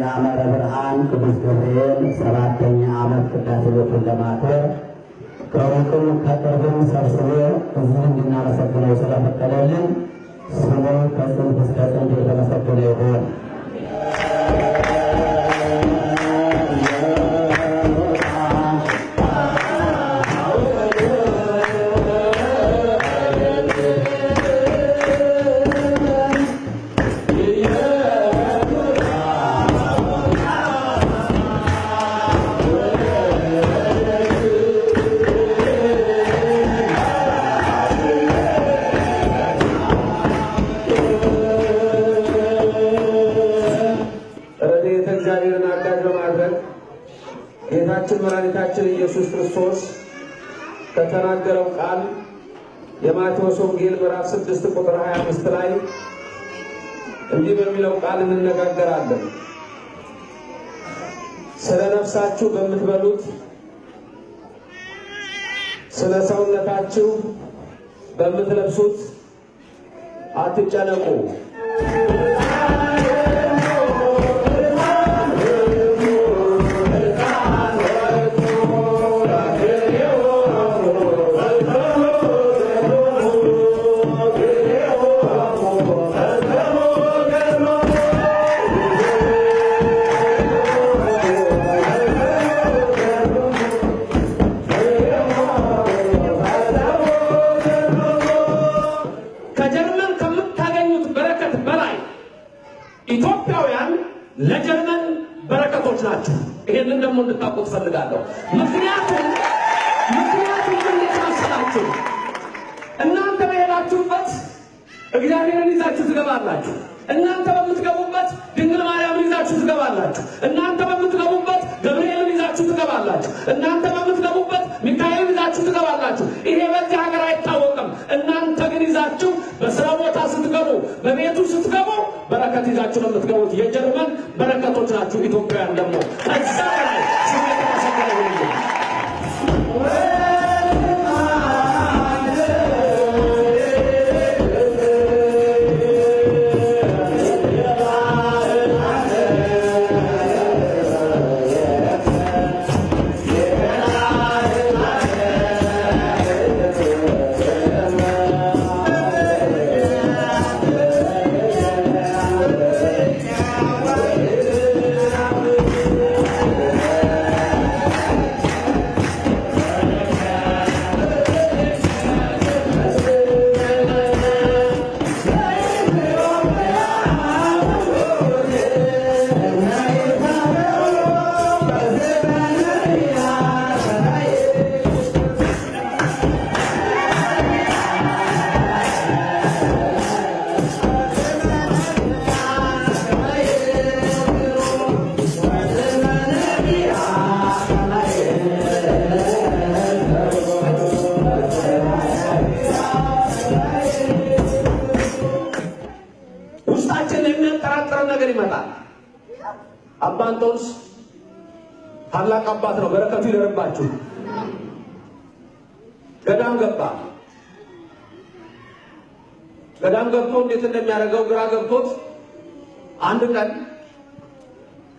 የአመረ ብርሃን ቅዱስ ገብርኤል ሰባተኛ ዓመት ቅዳሴ ቤቱን ለማክበር ከሩቅም ከቅርብም ሰብስቦ እዚህ እንድናመሰግነው ስለፈቀደልን ስሙ ከጽንፍ እስከ ጽንፍ የተመሰገነ ይሆን። ጌታችን ኢየሱስ ክርስቶስ ከተናገረው ቃል የማቴዎስ ወንጌል ምዕራፍ 6 ቁጥር 25 ላይ እንዲህ በሚለው ቃል እንነጋገራለን። ስለ ነፍሳችሁ በምትበሉት ስለ ሰውነታችሁ በምትለብሱት አትጨነቁ። and not ነገር ይመጣል። አባ እንጦንስ ታላቅ አባት ነው። በረከቱ ይደርባችሁ። ገዳም ገባ። ገዳም ገብቶ እንዴት እንደሚያደርገው ግራ ገብቶት አንድ ቀን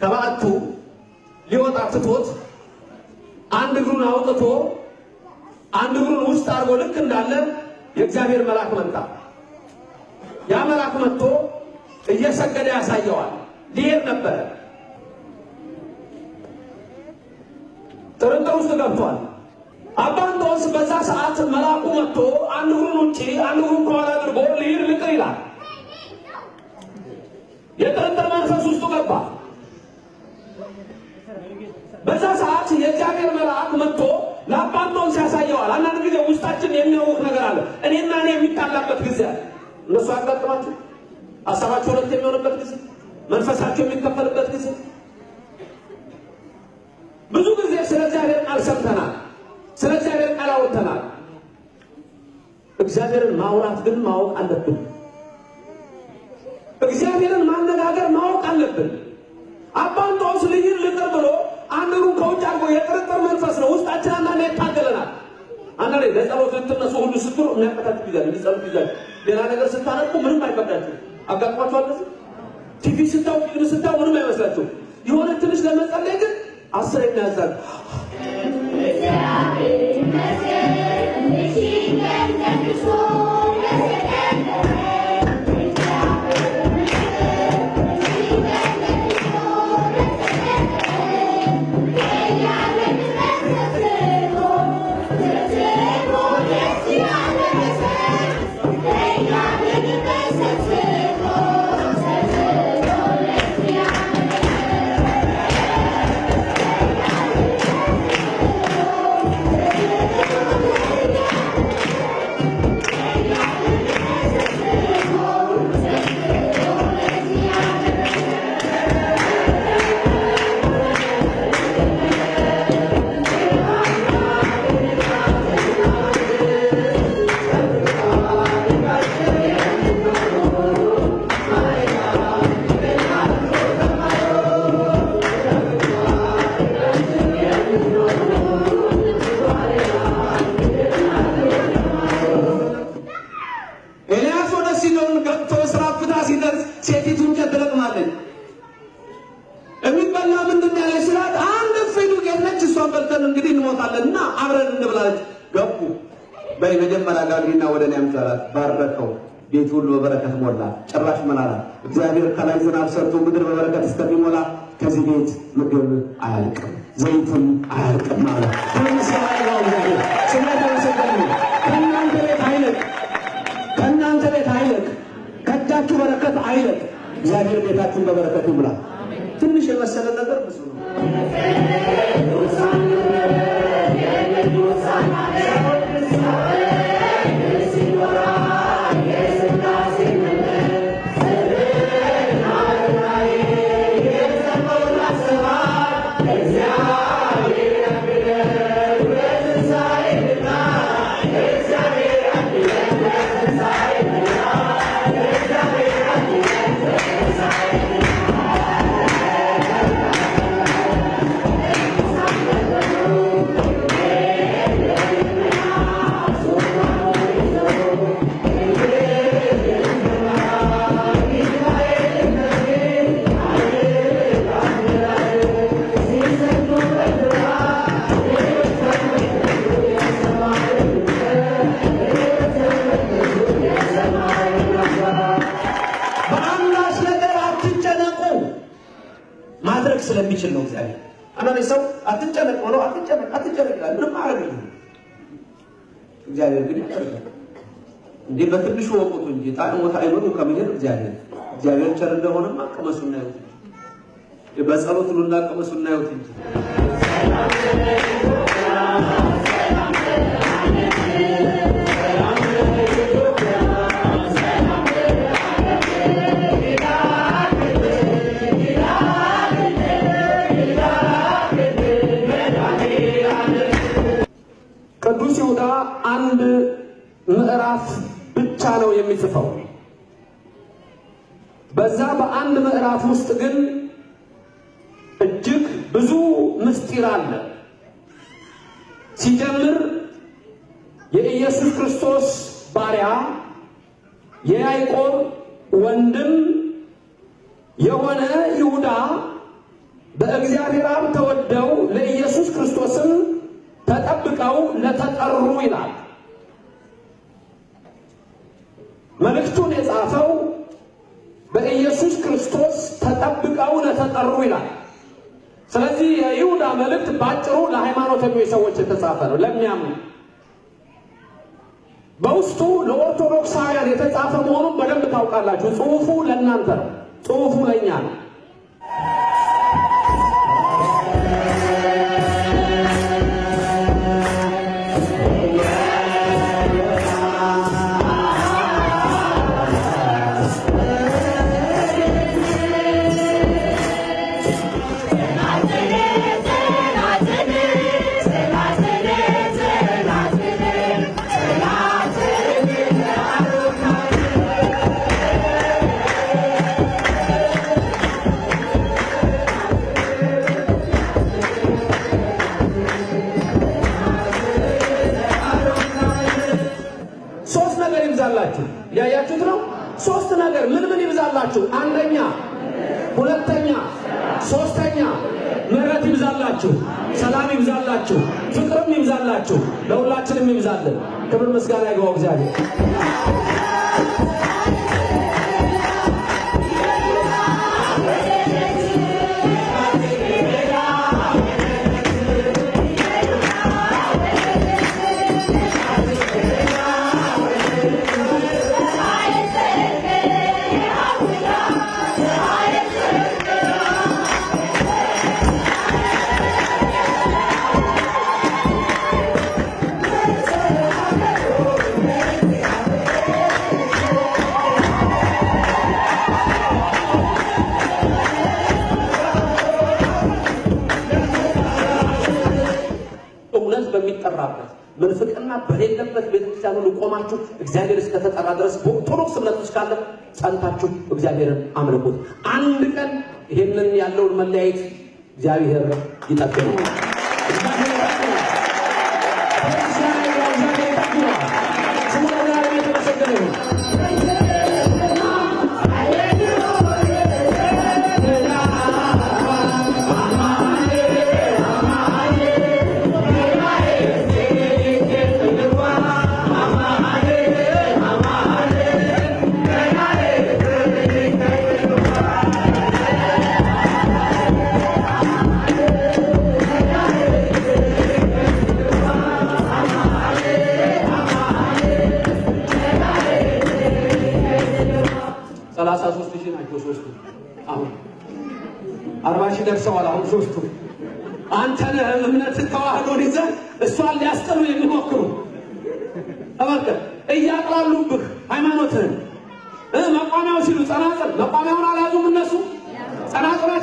ከበዓቱ ሊወጣ ትቶት አንድ እግሩን አውጥቶ አንድ እግሩን ውስጥ አድርጎ ልክ እንዳለ የእግዚአብሔር መልአክ መጣ። ያ መልአክ መጥቶ እየሰገደ ያሳየዋል። ሊሄድ ነበረ። ጥርጥር ውስጥ ገብቷል። አባንቶስ በዛ ሰዓት መልአኩ መጥቶ አንድ እግሩን ውጭ አንድ እግሩን ከኋላ አድርጎ ልሂድ ልቅር ይላል። የጥርጥር መንፈስ ውስጡ ገባ። በዛ ሰዓት የእግዚአብሔር መልአክ መጥቶ ለአባንቶስ ያሳየዋል። አንዳንድ ጊዜ ውስጣችን የሚያውቅ ነገር አለ። እኔና እኔ የሚጣላበት ጊዜ እነሱ አጋጥማችሁ ሀሳባቸው ሁለት የሚሆንበት ጊዜ፣ መንፈሳቸው የሚከፈልበት ጊዜ። ብዙ ጊዜ ስለ እግዚአብሔር ቃል ሰምተናል፣ ስለ እግዚአብሔር ቃል አውጥተናል። እግዚአብሔርን ማውራት ግን ማወቅ አለብን። እግዚአብሔርን ማነጋገር ማወቅ አለብን። አባንጦስ ልይን ልጥር ብሎ አንድ ከውጭ አድርጎ የጥርጥር መንፈስ ነው ውስጣችን አንዳንዴ ይታገለናል። አንዳንዴ ለጸሎት ልትነሱ ሁሉ ስትሉ የሚያቀታችሁ ይዛል የሚጸሉት ይዛል ሌላ ነገር ስታነቁ ምንም አይፈቅዳችሁ አጋጥሟቸው አለዚህ ቲቪ ስታው ፍቅር ስታው ምንም አይመስላቸው። የሆነ ትንሽ ለመጸለይ ግን አስር የሚያዛል አላል። ጭራሽ ምን አላል? እግዚአብሔር ከላይ ዝናብ ሰርቶ ምድር በበረከት እስከሚሞላ ከዚህ ቤት ምግብ አያልቅም፣ ዘይትም አያልቅም ማለት ከእናንተ ቤት አይለቅ፣ ከእናንተ ቤት አይለቅ፣ ከእጃችሁ በረከት አይለቅ። እግዚአብሔር ቤታችሁን በበረከት ይሙላ። ትንሽ የመሰለ ነገር ብዙ ነው። የታቅሙት አይኖር ከመሄድ እግዚአብሔር እግዚአብሔር ቸር እንደሆነም አቀመሱ እና እንጂ በጸሎት ሉና አቅመሱ እናዩት እንጂ ቅዱስ ይሁዳ አንድ ምዕራፍ የሚጽፈው። በዛ በአንድ ምዕራፍ ውስጥ ግን እጅግ ብዙ ምስጢር አለ። ሲጀምር የኢየሱስ ክርስቶስ ባሪያ የያዕቆብ ወንድም የሆነ ይሁዳ በእግዚአብሔር አብ ተወደው ለኢየሱስ ክርስቶስም ተጠብቀው ለተጠሩ ይላል። መልእክቱን የጻፈው በኢየሱስ ክርስቶስ ተጠብቀው ለተጠሩ ይላል። ስለዚህ የይሁዳ መልእክት ባጭሩ ለሃይማኖተኞች ሰዎች የተጻፈ ነው፣ ለሚያምኑ በውስጡ ለኦርቶዶክሳውያን የተጻፈ መሆኑን በደንብ ታውቃላችሁ። ጽሑፉ ለእናንተ ነው፣ ጽሑፉ ለእኛ ነው። ሶስት ነገር ምን ምን ይብዛላችሁ? አንደኛ፣ ሁለተኛ፣ ሶስተኛ ምሕረት ይብዛላችሁ፣ ሰላም ይብዛላችሁ፣ ፍቅርም ይብዛላችሁ፣ ለሁላችንም ይብዛልን። ክብር ምስጋና ይግባው እግዚአብሔር። ቆማችሁ እግዚአብሔር እስከተጠራ ድረስ በኦርቶዶክስ እምነት ካለ ጸንታችሁ እግዚአብሔርን አምልኩት። አንድ ቀን ይህንን ያለውን መለያየት እግዚአብሔር ይጠግነዋል።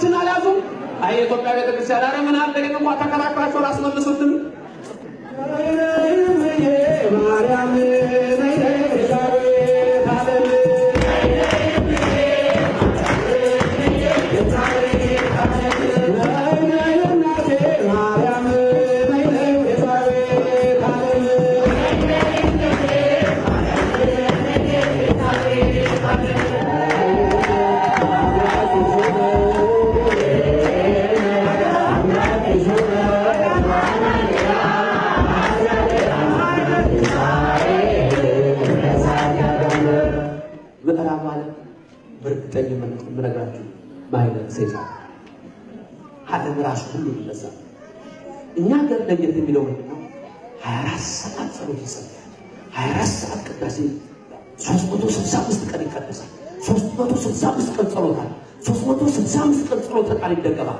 ሀገራችን አልያዙም። አይ የኢትዮጵያ ቤተክርስቲያን አረ ምን አለ ግን እንኳን ተከራክራችሁ አላስመልሱትም። ሰይጣን ዓለም ራሱ ሁሉ ይነሳል። እኛ ሀገር ለየት የሚለው ምንድነው? ሀያ ሰዓት ጸሎት ይሰማል። ሀያ ሰዓት ቅዳሴ ሶስት ቀን ይቀደሳል። ሶስት ቀን ጸሎታል። ሶስት መቶ ቀን ይደገማል።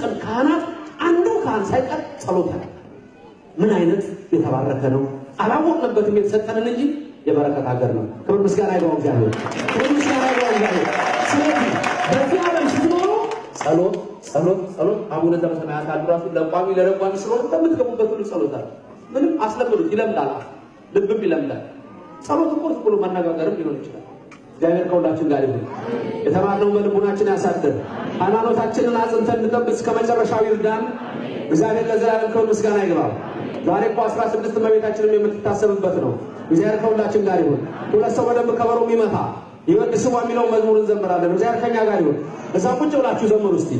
ቀን ካህናት አንዱ ካህን ሳይቀር ጸሎታል። ምን አይነት የተባረከ ነው! አላወቅንበትም የተሰጠንን እንጂ የበረከት ሀገር ነው። ክብር ምስጋና ይግባው እግዚአብሔር። ክብር ምስጋና ይግባው እግዚአብሔር። በዚህ ዓለም ስትኖሩ ጸሎት ጸሎት ጸሎት አቡነ ዘበሰማያት አሉ። ራሱ ለቋሚ ለረቋሚ ስለሆነ በምትገቡበት ሁሉ ጸሎት አለ። ምንም አስለምዱት፣ ይለምዳል፣ ልብም ይለምዳል። ጸሎት ቁርጥ ብሎ መነጋገርም ሊሆን ይችላል። እግዚአብሔር ከሁላችን ጋር ይሁን። የተማርነው በልቡናችን ያሳድር። ሃይማኖታችንን አጽንተን እንጠብቅ። እስከ መጨረሻው ይርዳን። እግዚአብሔር ለዘላለም ክብር ምስጋና ይግባው። ዛሬ እኮ አስራ ስድስት እመቤታችንም የምትታሰብበት ነው። እግዚአብሔር ከሁላችን ጋር ይሁን። ሁለት ሰው በደንብ ከበሮ የሚመታ ይወድ ስሟ የሚለው መዝሙር እንዘምራለን። እግዚአብሔር ከኛ ጋር ይሁን። እዛም ቁጭ ብላችሁ ዘምሩ እስቲ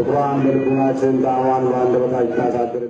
ፍቅሯን በልቡናችን ጣዕሟን በአንደበታችን ታሳድር